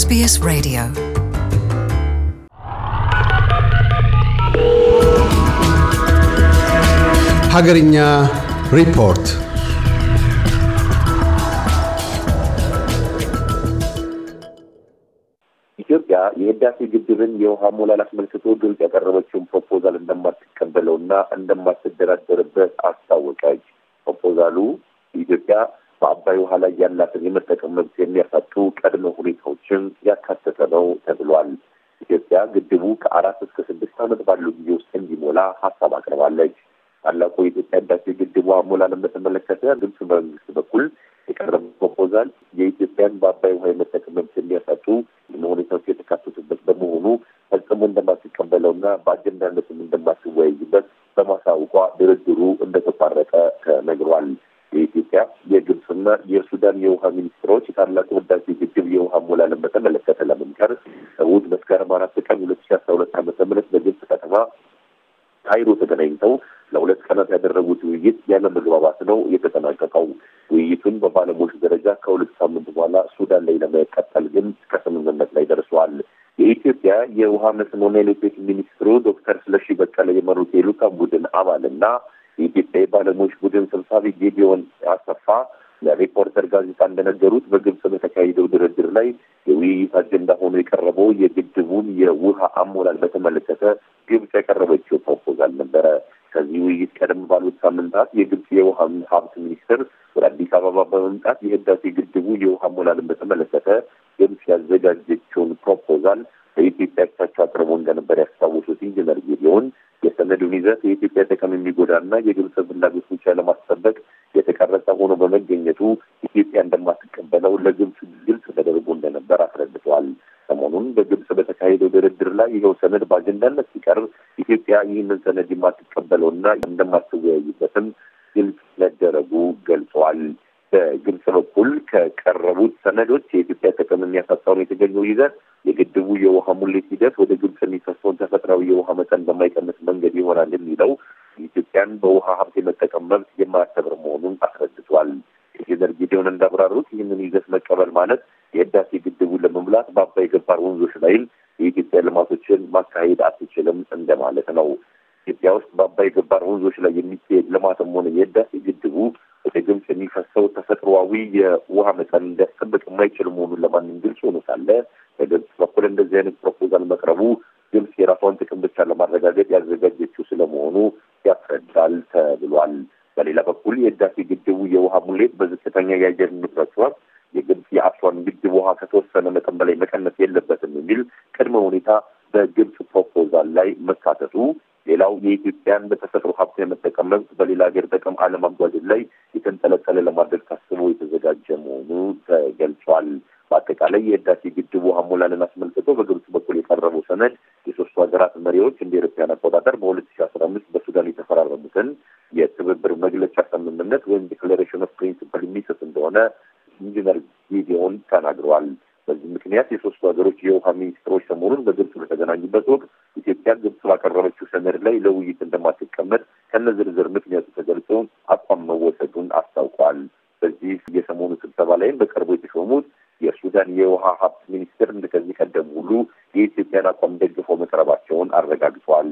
SBS Radio. ሀገርኛ ሪፖርት ኢትዮጵያ የህዳሴ ግድብን የውሃ ሞላል አስመልክቶ ግብጽ ያቀረበችውን ፕሮፖዛል እንደማትቀበለውና እንደማትደራደርበት አስታወቀች። ፕሮፖዛሉ ኢትዮጵያ በአባይ ውሃ ላይ ያላትን የመጠቀም መብት የሚያሳጡ ቀድመ ሁኔታዎችን ያካተተ ነው ተብሏል። ኢትዮጵያ ግድቡ ከአራት እስከ ስድስት ዓመት ባለው ጊዜ ውስጥ እንዲሞላ ሀሳብ አቅርባለች። ታላቁ የኢትዮጵያ ህዳሴ ግድቡ አሞላልን በተመለከተ ግብጽ መንግስት በኩል የቀረበ ፕሮፖዛል የኢትዮጵያን በአባይ ውሃ የመጠቀም መብት የሚያሳ እና የሱዳን የውሃ ሚኒስትሮች የታላቁ ህዳሴ ግድብ የውሃ ሞላልን በተመለከተ ለመምከር እሑድ መስከረም አራት ቀን ሁለት ሺ አስራ ሁለት ዓመተ ምህረት በግብጽ ከተማ ካይሮ ተገናኝተው ለሁለት ቀናት ያደረጉት ውይይት ያለ መግባባት ነው የተጠናቀቀው። ውይይቱን በባለሙያዎች ደረጃ ከሁለት ሳምንት በኋላ ሱዳን ላይ ለመቀጠል ግን ከስምምነት ላይ ደርሰዋል። የኢትዮጵያ የውሃ መስኖና ኤሌክትሪክ ሚኒስትሩ ዶክተር ስለሺ በቀለ የመሩት የልዑካን ቡድን አባልና የኢትዮጵያ የባለሙያዎች ቡድን ሰብሳቢ ጌዲዮን አሰፋ ለሪፖርተር ጋዜጣ እንደነገሩት በግብጽ በተካሄደው ድርድር ላይ የውይይት አጀንዳ ሆኖ የቀረበው የግድቡን የውሃ አሞላል በተመለከተ ግብጽ ያቀረበችው ፕሮፖዛል ነበረ። ከዚህ ውይይት ቀደም ባሉት ሳምንታት የግብጽ የውሃ ሀብት ሚኒስትር ወደ አዲስ አበባ በመምጣት የህዳሴ ግድቡ የውሃ አሞላልን በተመለከተ ግብጽ ያዘጋጀችውን ፕሮፖዛል በኢትዮጵያ ቻቸው አቅርቦ እንደነበር ያስታወሱት ኢንጂነር ጌዲዮን የሰነዱን ይዘት የኢትዮጵያ ጥቅም የሚጎዳና የግብጽ ፍላጎት ብቻ ለማስጠበቅ መገኘቱ ኢትዮጵያ እንደማትቀበለው ለግብጽ ግልጽ ተደርጎ እንደነበር አስረድተዋል። ሰሞኑን በግብጽ በተካሄደው ድርድር ላይ ይኸው ሰነድ በአጀንዳነት ሲቀርብ ኢትዮጵያ ይህንን ሰነድ የማትቀበለውና እንደማትወያይበትም ግልጽ መደረጉ ገልጸዋል። በግብጽ በኩል ከቀረቡት ሰነዶች የኢትዮጵያ ጥቅም የሚያሳጣውን የተገኘው ይዘት የግድቡ የውሃ ሙሌት ሂደት ወደ ግብጽ የሚፈሰውን ተፈጥሯዊ የውሃ መጠን በማይቀንስ መንገድ ይሆናል የሚለው ኢትዮጵያን በውሃ ሀብት የመጠቀም መብት የማያከብር መሆኑን ኢንጂነር ጊዲዮን እንዳብራሩት ይህንን ይዘት መቀበል ማለት የህዳሴ ግድቡን ለመሙላት በአባይ ገባር ወንዞች ላይም የኢትዮጵያ ልማቶችን ማካሄድ አትችልም እንደማለት ነው። ኢትዮጵያ ውስጥ በአባይ ገባር ወንዞች ላይ የሚካሄድ ልማትም ሆነ የህዳሴ ግድቡ ወደ ግብጽ የሚፈሰው ተፈጥሯዊ የውሃ መጠን እንዲያስጠብቅ የማይችል መሆኑን ለማንም ግልጽ ሆኖ ሳለ በግብጽ በኩል እንደዚህ አይነት ፕሮፖዛል መቅረቡ ግብጽ የራሷን ጥቅም ብቻ ለማረጋገጥ ያዘጋጀችው ስለመሆኑ ያስረዳል ተብሏል። በሌላ በኩል የህዳሴ ግድቡ የውሃ ሙሌት በዝቅተኛ የአየር ንብረት ወቅት የግብጽ የአስዋን ግድብ ውሃ ከተወሰነ መጠን በላይ መቀነስ የለበትም የሚል ቅድመ ሁኔታ በግብፅ ፕሮፖዛል ላይ መካተቱ፣ ሌላው የኢትዮጵያን በተፈጥሮ ሀብት የመጠቀም መብት በሌላ ሀገር ጥቅም አለማጓደል ላይ የተንጠለጠለ ለማድረግ ታስቦ የተዘጋጀ መሆኑ ተገልጿል። በአጠቃላይ የህዳሴ ግድቡ ውሃ ሞላልን አስመልክቶ በግብፅ በኩል የቀረበው ሰነድ የሶስቱ ሀገራት መሪዎች እንደ ኤሮፓያን አቆጣጠር በሁለት ሺ አስራ አምስት በሱዳን የተፈራረሙትን የትብብር መግለጫ ስምምነት ወይም ዲክሌሬሽን ኦፍ ፕሪንሲፕል የሚጥስ እንደሆነ ኢንጂነር ጌዲዮን ተናግረዋል። በዚህ ምክንያት የሶስቱ ሀገሮች የውሃ ሚኒስትሮች ሰሞኑን በግብጽ በተገናኙበት ወቅት ኢትዮጵያ ግብጽ ባቀረበችው ሰነድ ላይ ለውይይት እንደማትቀመጥ ከነ ዝርዝር ምክንያቱ ተገልጾ አቋም መወሰዱን አስታውቋል። በዚህ የሰሞኑ ስብሰባ ላይም በቅርቡ የተሾሙት የሱዳን የውሃ ሀብት ሚኒስትር እንደከዚህ ቀደም ሁሉ የኢትዮጵያን አቋም ደግፈው መቅረባቸውን አረጋግጠዋል።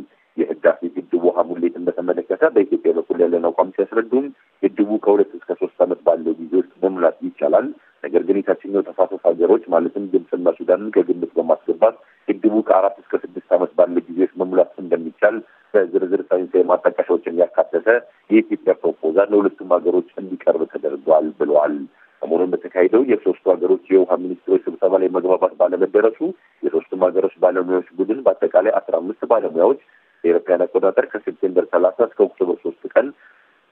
ሁኔታ በኢትዮጵያ በኩል ያለን አቋም ሲያስረዱም ግድቡ ከሁለት እስከ ሶስት ዓመት ባለው ጊዜ ውስጥ መሙላት ይቻላል። ነገር ግን የታችኛው ተፋሰስ ሀገሮች ማለትም ግብፅና ሱዳንን ከግምት በማስገባት ግድቡ ከአራት እስከ ስድስት ዓመት ባለው ጊዜ ውስጥ መሙላት እንደሚቻል በዝርዝር ሳይንሳዊ ማጣቀሻዎችን ያካተተ የኢትዮጵያ ፕሮፖዛል ለሁለቱም ሀገሮች እንዲቀርብ ተደርጓል ብለዋል። ሰሞኑን በተካሄደው የሶስቱ ሀገሮች የውሃ ሚኒስትሮች ስብሰባ ላይ መግባባት ባለመደረሱ የሶስቱም ሀገሮች ባለሙያዎች ቡድን በአጠቃላይ አስራ አምስት ባለሙያዎች የኢሮፓያን አቆጣጠር ከሴፕቴምበር ሰላ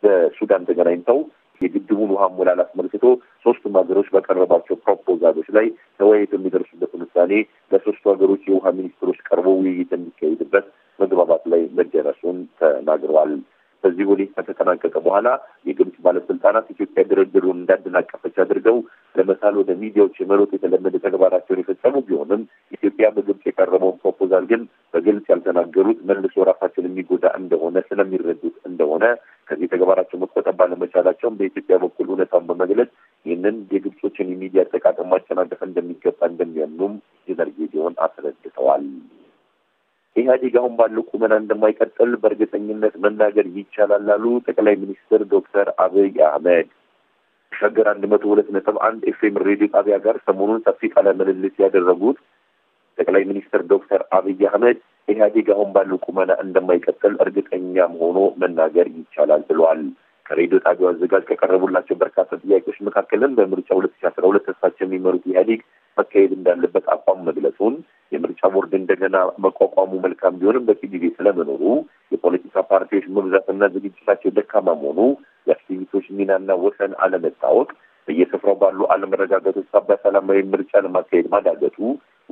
በሱዳን ተገናኝተው የግድቡን ውሃ ሞላል አስመልክቶ ሶስቱም ሀገሮች በቀረባቸው ፕሮፖዛሎች ላይ ተወያይተው የሚደርሱበትን ውሳኔ ለሶስቱ ሀገሮች የውሃ ሚኒስትሮች ቀርቦ ውይይት የሚካሄድበት መግባባት ላይ መደረሱን ተናግረዋል። በዚህ ሁኔታ ከተጠናቀቀ በኋላ የግብጽ ባለስልጣናት ኢትዮጵያ ድርድሩን እንዳደናቀፈች አድርገው ለመሳል ወደ ሚዲያዎች የመሮጥ የተለመደ ተግባራቸውን የፈጸሙ ቢሆንም ኢትዮጵያ በግብጽ የቀረበውን ፕሮፖዛል ግን በግልጽ ያልተናገሩት መልሶ ራሳቸውን የሚጎዳ እንደሆነ ስለሚረዱት እንደሆነ ተግባራቸው መቆጠብ ባለመቻላቸውም በኢትዮጵያ በኩል እውነታውን በመግለጽ ይህንን የግብጾችን የሚዲያ አጠቃቀም ማጨናገፍ እንደሚገባ እንደሚያምኑም ጀነራል ጌዲዮን አስረድተዋል። ኢህአዴግ አሁን ባለው ቁመና እንደማይቀጥል በእርግጠኝነት መናገር ይቻላል አሉ ጠቅላይ ሚኒስትር ዶክተር አብይ አህመድ። ሸገር አንድ መቶ ሁለት ነጥብ አንድ ኤፍኤም ሬዲዮ ጣቢያ ጋር ሰሞኑን ሰፊ ቃለ ምልልስ ያደረጉት ጠቅላይ ሚኒስትር ዶክተር አብይ አህመድ ኢህአዴግ አሁን ባለው ቁመና እንደማይቀጥል እርግጠኛ ሆኖ መናገር ይቻላል ብለዋል። ከሬዲዮ ጣቢያው አዘጋጅ ከቀረቡላቸው በርካታ ጥያቄዎች መካከልም በምርጫ ሁለት ሺ አስራ ሁለት እሳቸው የሚመሩት ኢህአዴግ መካሄድ እንዳለበት አቋም መግለጹን፣ የምርጫ ቦርድ እንደገና መቋቋሙ መልካም ቢሆንም በቂ ጊዜ ስለመኖሩ፣ የፖለቲካ ፓርቲዎች መብዛትና ዝግጅታቸው ደካማ መሆኑ፣ የአክቲቪቶች ሚናና ወሰን አለመታወቅ በየስፍራው ባሉ አለመረጋጋቶች ሳቢያ ሰላማዊ ምርጫ ለማካሄድ ማዳገቱ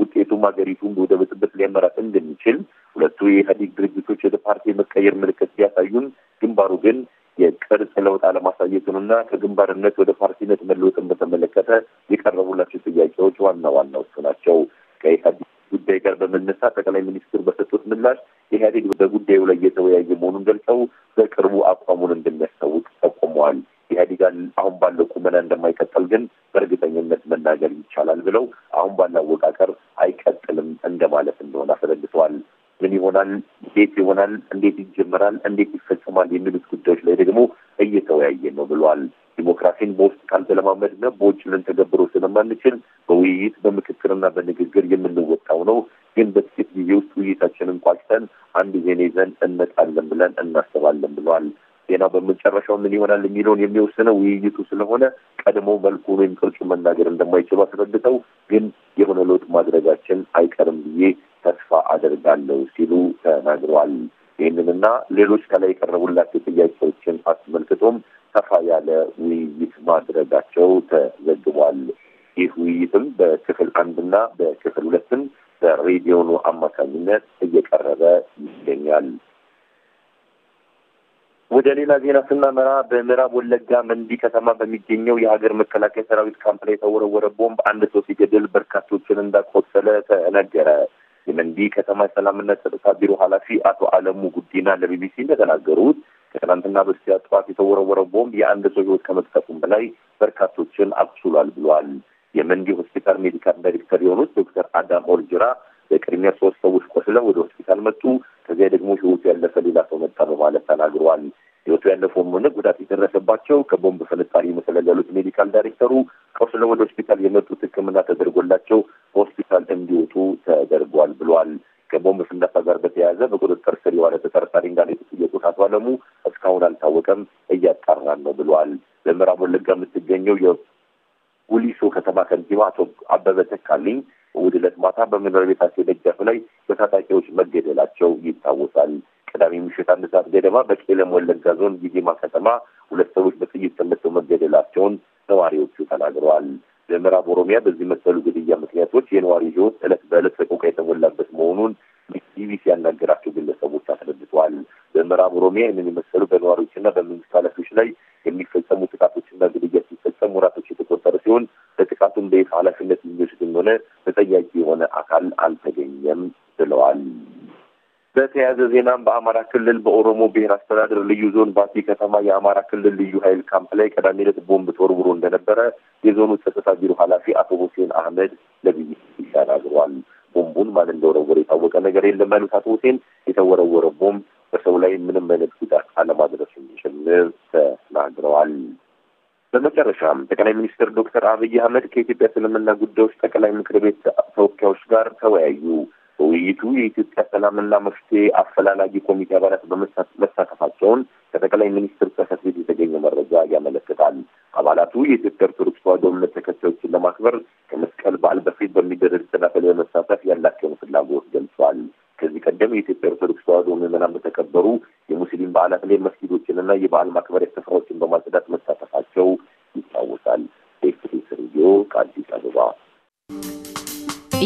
ውጤቱም ሀገሪቱን ወደ ብጥብጥ ሊያመራት እንደሚችል ሁለቱ የኢህአዴግ ድርጅቶች ወደ ፓርቲ መቀየር ምልክት ቢያሳዩም ግንባሩ ግን የቅርጽ ለውጥ አለማሳየቱንና ከግንባርነት ወደ ፓርቲነት መለወጥን በተመለከተ የቀረቡላቸው ጥያቄዎች ዋና ዋናዎቹ ናቸው። ከኢህአዴግ ጉዳይ ጋር በመነሳት ጠቅላይ ሚኒስትር በሰጡት ምላሽ ኢህአዴግ በጉዳዩ ላይ እየተወያየ መሆኑን ገልጸው እንደማለት እንደሆነ አስረድተዋል። ምን ይሆናል፣ እንዴት ይሆናል፣ እንዴት ይጀመራል፣ እንዴት ይፈጽማል የሚሉት ጉዳዮች ላይ ደግሞ እየተወያየ ነው ብሏል። ዲሞክራሲን በውስጥ ካልተለማመድን በውጭ ልን ተገብሮ ስለማንችል በውይይት በምክክርና በንግግር የምንወጣው ነው። ግን በጥቂት ጊዜ ውስጥ ውይይታችንን ቋጭተን አንድ ዜና ይዘን እንመጣለን ብለን እናስባለን ብለዋል። ዜናው በመጨረሻው ምን ይሆናል የሚለውን የሚወስነው ውይይቱ ስለሆነ ቀድሞ መልኩ የሚፈርጩ መናገር እንደማይችሉ አስረድተው ግን የሆነ ለውጥ ማድረጋችን አይቀርም ብዬ ተስፋ አደርጋለሁ ሲሉ ተናግረዋል። ይህንንና ሌሎች ከላይ የቀረቡላቸው ጥያቄዎችን አስመልክቶም ሰፋ ያለ ውይይት ማድረጋቸው ተዘግቧል። ይህ ውይይትም በክፍል አንድና በክፍል ሁለትም በሬዲዮኑ አማካኝነት እየቀረበ ይገኛል። ወደ ሌላ ዜና ስናመራ በምዕራብ ወለጋ መንዲ ከተማ በሚገኘው የሀገር መከላከያ ሰራዊት ካምፕ ላይ የተወረወረ ቦምብ አንድ ሰው ሲገድል በርካቶችን እንዳቆሰለ ተነገረ። የመንዲ ከተማ የሰላምና ጸጥታ ቢሮ ኃላፊ አቶ አለሙ ጉዲና ለቢቢሲ እንደተናገሩት ከትናንትና በስቲያ ጠዋት የተወረወረ ቦምብ የአንድ ሰው ህይወት ከመጥፈቱም በላይ በርካቶችን አቁስሏል ብሏል። የመንዲ ሆስፒታል ሜዲካል ዳይሬክተር የሆኑት ዶክተር አዳም ኦልጅራ በቅድሚያ ሶስት ሰዎች ቆስለው ወደ ሆስፒታል መጡ። አደጋ ደግሞ ህይወቱ ያለፈ ሌላ ሰው መጣ በማለት ተናግረዋል። ህይወቱ ያለፈው ሆነ ጉዳት የደረሰባቸው ከቦምብ ፍንጣሪ የተገለሉት ሜዲካል ዳይሬክተሩ ቆስለው ወደ ሆስፒታል የመጡት ህክምና ተደርጎላቸው በሆስፒታል እንዲወጡ ተደርጓል ብሏል። ከቦምብ ፍንዳታ ጋር በተያያዘ በቁጥጥር ስር የዋለ ተጠርጣሪ እንዳለ የተጠየቁት አቶ አለሙ እስካሁን አልታወቀም፣ እያጣራን ነው ብሏል። በምዕራብ ወለጋ የምትገኘው የጉሊሶ ከተማ ከንቲባ አቶ አበበ ተካልኝ እሑድ ዕለት ማታ በመኖሪያ ቤታቸው ደጃፍ ላይ ታጣቂዎች መገደላቸው ይታወሳል። ቅዳሜ ምሽት አንድ ሰዓት ገደማ በቄለም ወለጋ ዞን ጊዜማ ከተማ ሁለት ሰዎች በጥይት ተመተው መገደላቸውን ነዋሪዎቹ ተናግረዋል። በምዕራብ ኦሮሚያ በዚህ መሰሉ ግድያ ምክንያቶች የነዋሪ ሕይወት እለት በእለት ሰቆቃ የተሞላበት መሆኑን ቢቢሲ ያናገራቸው ግለሰቦች አስረድተዋል። በምዕራብ ኦሮሚያ ይህንን የመሰሉ በነዋሪዎችና በመንግስት ኃላፊዎች ላይ በተያያዘ ዜናም በአማራ ክልል በኦሮሞ ብሔር አስተዳደር ልዩ ዞን ባቲ ከተማ የአማራ ክልል ልዩ ኃይል ካምፕ ላይ ቅዳሜ ዕለት ቦምብ ተወርውሮ እንደነበረ የዞኑ ጸጥታ ቢሮ ኃላፊ አቶ ሁሴን አህመድ ለቢቢሲ ተናግሯል። ቦምቡን ማን እንደወረወረ የታወቀ ነገር የለም ያሉት አቶ ሁሴን የተወረወረ ቦምብ በሰው ላይ ምንም አይነት ጉዳት አለማድረሱ ጭምር ተናግረዋል። በመጨረሻም ጠቅላይ ሚኒስትር ዶክተር አብይ አህመድ ከኢትዮጵያ እስልምና ጉዳዮች ጠቅላይ ምክር ቤት ተወካዮች ጋር ተወያዩ። በውይይቱ የኢትዮጵያ ሰላምና መፍትሄ አፈላላጊ ኮሚቴ አባላት መሳተፋቸውን ከጠቅላይ ሚኒስትር ጽሕፈት ቤት የተገኘ መረጃ ያመለክታል። አባላቱ የኢትዮጵያ ኦርቶዶክስ ተዋሕዶ እምነት ተከታዮችን ለማክበር ከመስቀል በዓል በፊት በሚደረግ ተናፈል በመሳተፍ ያላቸውን ፍላጎት ገልጿል። ከዚህ ቀደም የኢትዮጵያ ኦርቶዶክስ ተዋሕዶ ምዕመናን በተከበሩ የሙስሊም በዓላት ላይ መስጊዶችንና የበዓል ማክበሪያ ስፍራዎችን በማጽዳት መሳተፍ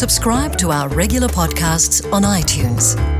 subscribe to our regular podcasts on iTunes.